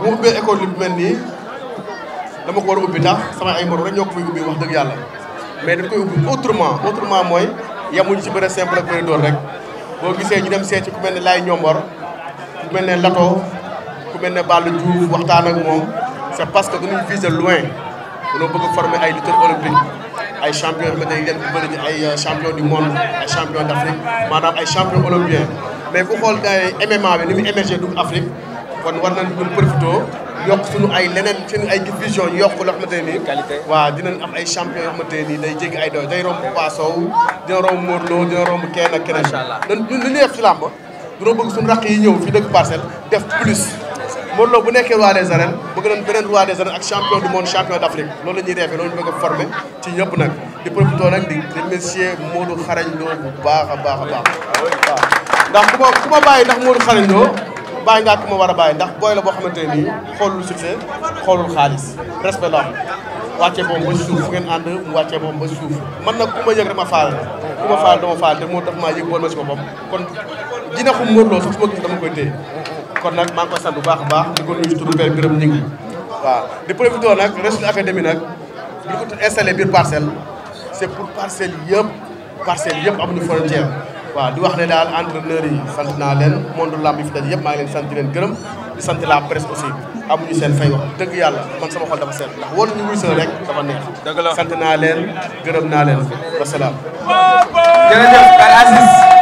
bu ma ubbee école bi mel nii dama ko war a ubbi tax ay moroom rek ñoo ko muy ubbi wax dëgg yàlla mais dañ koy ubbi autrement autrement mooy yemuñu si bëre simple ak bëre door rek boo gisee ñu dem seeti ku mel ne Laye Ñombor ku mel ne Lato ku mel baal Balla Diouf waxtaan ak moom c'est parce que dañuy viser loin dañoo bëgg former ay lutteurs olympiques ay champion ma dañ bëri ñu ay champion du monde ay champion d'Afrique maanaam ay champion olympien mais kon war nañ ñun profité yokk suñu ay leneen seen ay vision yokk loo xamante nii qualité waaw dinañ am ay champion yoo xamante nii day jéggi ay doy day romb Papa Sow dina romb Modou Lo dina romb kenn ak keneen dan ñun li ñuy def ci làmb bëgg suñu raq yi ñëw fii dëkk parcelle def plus Modou bu nekkee roi des arènes bëgg nañ beneen roi des arènes ak champion du monde champion d' Afrique loolu la ñuy defee loolu ñu bëgg a ci ñëpp nag di profité nag di remercier Modou bu baax baax a baax ah waaw ndax ku bàyyi nga ak ma war a bàyyi ndax booy la boo xamante nii xoolul succès xoolul xaalis respect la am wàccee boobu ba suuf fu ngeen ànd mu wàccee boobu ba suuf man nag ku ma yëg rek ma faal ku ma faal dama faal te moo tax maa yëg bool ma si boppam kon dina ko mórloo sax su ma gis dama koy téye kon nag maa ngi koy bu baax a baax di ko nuyu turu benn gërëm ñu ngi waaw di profité nag Rachid académie nag bi ko installé biir parcelle c' est pour parcelle yëpp parcelle yëpp amuñu frontière waaw di wax ne daal entraîneurs yi sant naa leen monde lamb yi fi daje yëpp maa ngi leen sant leen gërëm di sant la presse aussi amuñu seen fay wax dëgg yàlla man sama xol dafa seet ndax woon ñu wuy rek dafa neex sant naa leen gërëm naa leen wasalaam jërëjëf Aziz